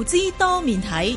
投資多面睇，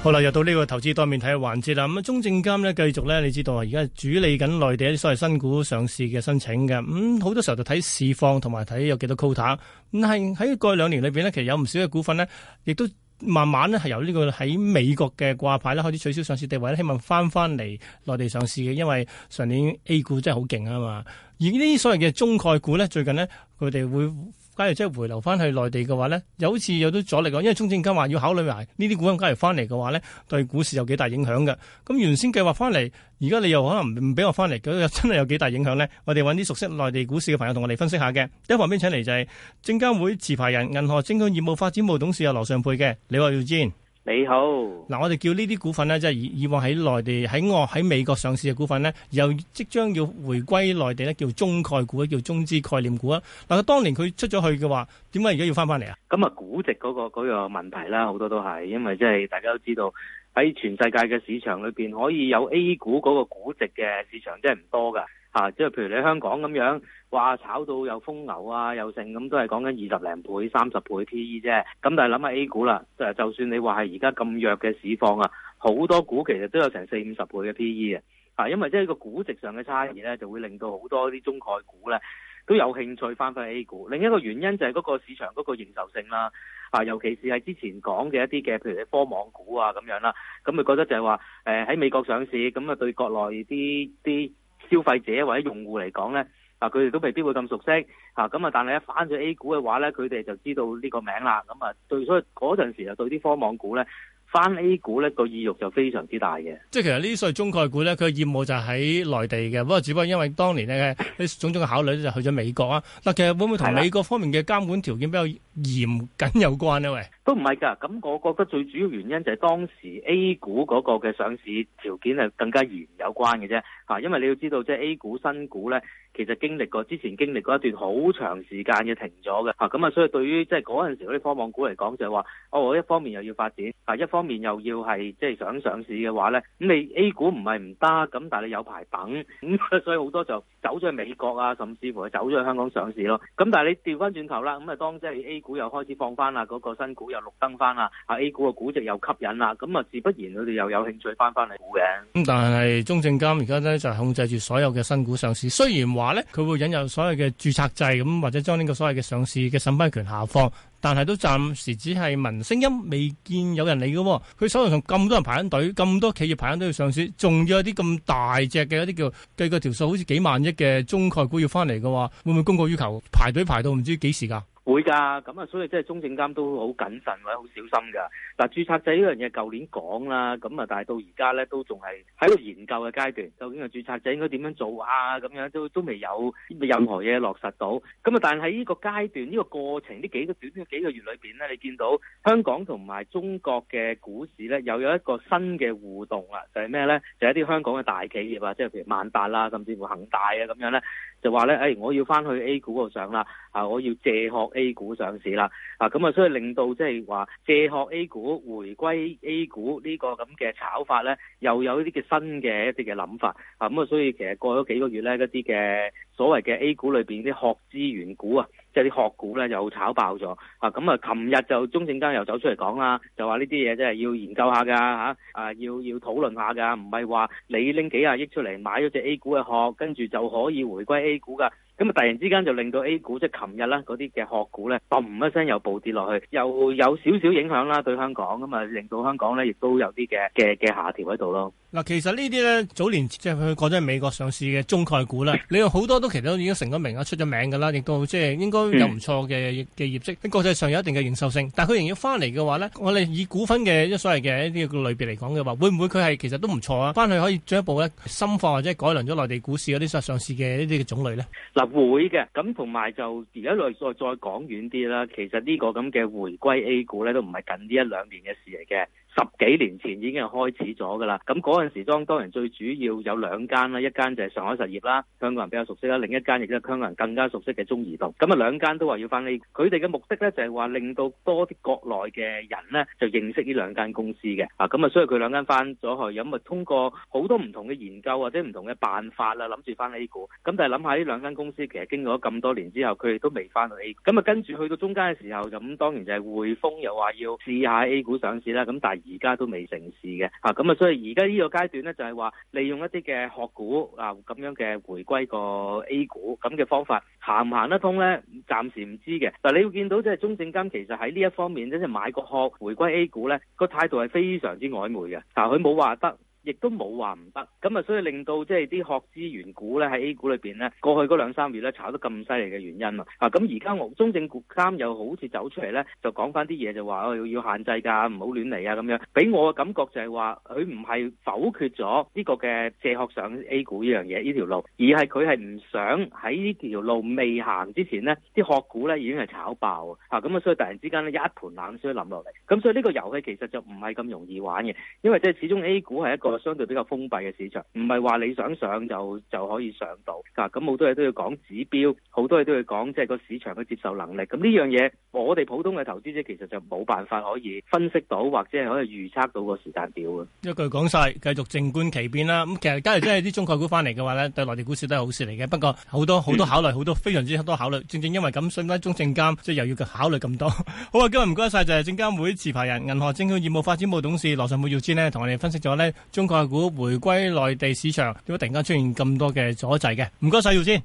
好啦，又到呢個投資多面睇嘅環節啦。咁啊，中證監呢，繼續呢，你知道啊，而家係主理緊內地一啲所謂新股上市嘅申請嘅，咁、嗯、好多時候就睇市況同埋睇有幾多 quota。咁但係喺過去兩年裏邊呢，其實有唔少嘅股份呢，亦都。慢慢呢，係由呢個喺美國嘅掛牌啦，開始取消上市地位呢，希望翻翻嚟內地上市嘅，因為上年 A 股真係好勁啊嘛，而呢啲所謂嘅中概股呢，最近呢，佢哋會。假如真係回流翻去內地嘅話咧，有一次有都阻力講，因為中證監話要考慮埋呢啲股份假如翻嚟嘅話咧，對股市有幾大影響嘅。咁原先計劃翻嚟，而家你又可能唔俾我翻嚟，咁又真係有幾大影響咧？我哋搵啲熟悉內地股市嘅朋友同我哋分析下嘅。第一旁邊請嚟就係證監會持牌人、銀河證券業務發展部董事阿羅尚沛嘅，你話要知。Eugene 你好，嗱我哋叫呢啲股份咧，即係以往喺內地、喺外、喺美國上市嘅股份咧，又即將要回歸內地咧，叫中概股啊，叫中資概念股啊。但係當年佢出咗去嘅話，點解而家要翻翻嚟啊？咁啊，估值嗰個嗰個問題啦，好多都係，因為即係大家都知道喺全世界嘅市場裏邊，可以有 A 股嗰個估值嘅市場真係唔多噶。啊，即係譬如你香港咁樣話炒到有風牛啊，又剩咁，都係講緊二十零倍、三十倍嘅 P E 啫。咁但係諗下 A 股啦，就算你話係而家咁弱嘅市況啊，好多股其實都有成四五十倍嘅 P E 啊。啊，因為即係個估值上嘅差異呢，就會令到好多啲中概股呢都有興趣翻返 A 股。另一個原因就係嗰個市場嗰個認受性啦。啊，尤其是係之前講嘅一啲嘅，譬如你科網股啊咁樣啦，咁佢覺得就係話喺美國上市咁啊，就對國內啲啲。消費者或者用戶嚟講咧，嗱，佢哋都未必會咁熟悉，嚇咁啊！但係一反轉 A 股嘅話咧，佢哋就知道呢個名啦。咁啊，對，所以嗰陣時啊，對啲科網股咧，翻 A 股咧個意欲就非常之大嘅，即係其實呢啲所謂中概股咧，佢嘅業務就喺內地嘅，不過只不過因為當年咧呢 種種嘅考慮咧就去咗美國啊。嗱，其實會唔會同美國方面嘅監管條件比較嚴謹有關呢？喂，都唔係㗎，咁我覺得最主要原因就係當時 A 股嗰個嘅上市條件係更加嚴有關嘅啫嚇，因為你要知道即係 A 股新股咧。其實經歷過之前經歷過一段好長時間嘅停咗嘅，咁啊，所以對於即係嗰陣時嗰啲科網股嚟講，就係話，哦，我一方面又要發展，啊一方面又要係即係想上市嘅話咧，咁你 A 股唔係唔得，咁但係你有排等，咁、嗯、所以好多就走咗去美國啊，甚至乎走咗去香港上市咯。咁但係你調翻轉頭啦，咁啊當即係 A 股又開始放翻啦，嗰、那個新股又綠燈翻啦，啊 A 股嘅估值又吸引啦，咁啊自不然佢哋又有興趣翻翻嚟股嘅。咁但係中證監而家咧就是、控制住所有嘅新股上市，雖然話話咧，佢會引入所謂嘅註冊制咁，或者將呢個所謂嘅上市嘅審批權下放，但係都暫時只係聞聲音，未見有人嚟㗎。佢手上咁多人排緊隊，咁多企業排緊隊要上市，仲要有啲咁大隻嘅一啲叫計個條數，好似幾萬億嘅中概股要翻嚟嘅話，會唔會供過於求？排隊排到唔知幾時噶？會㗎，咁啊，所以即係中證監都好謹慎或者好小心㗎。嗱，註冊制呢樣嘢舊年講啦，咁啊，但係到而家咧都仲係喺度研究嘅階段，究竟個註冊制應該點樣做啊？咁樣都都未有任何嘢落實到。咁啊，但係喺呢個階段、呢、呢個過程、呢幾個短短幾個月裏邊咧，你見到香港同埋中國嘅股市咧，又有一個新嘅互動啦，就係咩咧？就係、係、一啲香港嘅大企業啊，即係譬如萬達啦，甚至乎恒大啊咁樣咧，就話咧，誒，我要翻去 A 股嗰度上啦，啊，我要借殼」A 股上市啦，啊咁啊，所以令到即係話借殼 A 股回歸 A 股呢個咁嘅炒法呢，又有啲嘅新嘅一啲嘅諗法啊，咁啊，所以其實過咗幾個月呢，嗰啲嘅所謂嘅 A 股裏邊啲殼資源股啊，即係啲殼股呢，又炒爆咗啊，咁啊，琴日就中證監又走出嚟講啦，就話呢啲嘢真係要研究一下㗎嚇，啊，啊要要討論一下㗎，唔係話你拎幾廿億出嚟買咗隻 A 股嘅殼，跟住就可以回歸 A 股㗎。咁啊！就突然之間就令到 A 股即係琴日呢嗰啲嘅殼股呢，嘣一聲又暴跌落去，又有少少影響啦，對香港咁啊，令到香港呢，亦都有啲嘅嘅嘅下調喺度囉。嗱，其實呢啲咧，早年即係佢講咗係美國上市嘅中概股咧，你有好多都其實都已經成咗名啊，出咗名噶啦，亦都即係應該有唔錯嘅嘅業績，國際上有一定嘅認受性。但係佢仍然要翻嚟嘅話咧，我哋以股份嘅一所謂嘅一啲個類別嚟講嘅話，會唔會佢係其實都唔錯啊？翻去可以進一步咧深化或者改良咗內地股市嗰啲上上市嘅一啲嘅種類咧？嗱，會嘅。咁同埋就而家來再再講遠啲啦，其實呢個咁嘅回歸 A 股咧，都唔係近呢一兩年嘅事嚟嘅。十幾年前已經係開始咗㗎啦，咁嗰陣時當當然最主要有兩間啦，一間就係上海實業啦，香港人比較熟悉啦，另一間亦都係香港人更加熟悉嘅中移動。咁啊兩間都話要翻 A，佢哋嘅目的咧就係話令到多啲國內嘅人咧就認識呢兩間公司嘅，啊咁啊所以佢兩間翻咗去，咁啊通過好多唔同嘅研究或者唔同嘅辦法啦，諗住翻 A 股，咁但係諗下呢兩間公司其實經過咗咁多年之後，佢哋都未翻到 A 股，咁啊跟住去到中間嘅時候，咁當然就係匯豐又話要試下 A 股上市啦，咁但係。而家都未成事嘅，嚇咁啊！所以而家呢個階段咧，就係話利用一啲嘅殼股啊咁樣嘅回歸個 A 股咁嘅方法行唔行得通咧？暫時唔知嘅。但係你會見到即係中證監其實喺呢一方面，即係買個殼回歸 A 股咧，個態度係非常之曖昧嘅。但係，佢冇話得。亦都冇話唔得，咁啊，所以令到即係啲殼資源股咧喺 A 股裏面咧，過去嗰兩三月咧炒得咁犀利嘅原因啊！啊，咁而家我中證監又好似走出嚟咧，就講翻啲嘢就話我要限制㗎，唔好亂嚟啊咁樣。俾我嘅感覺就係話佢唔係否決咗呢個嘅借殼上 A 股呢樣嘢呢條路，而係佢係唔想喺呢條路未行之前呢啲殼股咧已經係炒爆咁啊，所以突然之間咧一盆冷水淋落嚟，咁所以呢個遊戲其實就唔係咁容易玩嘅，因為即係始終 A 股係一個。相對比較封閉嘅市場，唔係話你想上就就可以上到，吓咁好多嘢都要講指標，好多嘢都要講，即係個市場嘅接受能力。咁呢樣嘢，我哋普通嘅投資者其實就冇辦法可以分析到，或者係可以預測到個時間表嘅。一句講晒，繼續靜觀其變啦。咁其實加日真係啲中概股翻嚟嘅話咧， 對內地股市都係好事嚟嘅。不過好多好多考慮，好、嗯、多非常之多考慮。正正因為咁，信，以翻中證監即係又要佢考慮咁多。 好啊，今日唔該晒，就係證監會持牌人、銀河證券業務發展部董事羅尚沛耀堅呢，同我哋分析咗呢。中。概念股回歸內地市場，點解突然間出現咁多嘅阻滯嘅？唔該晒，羅生。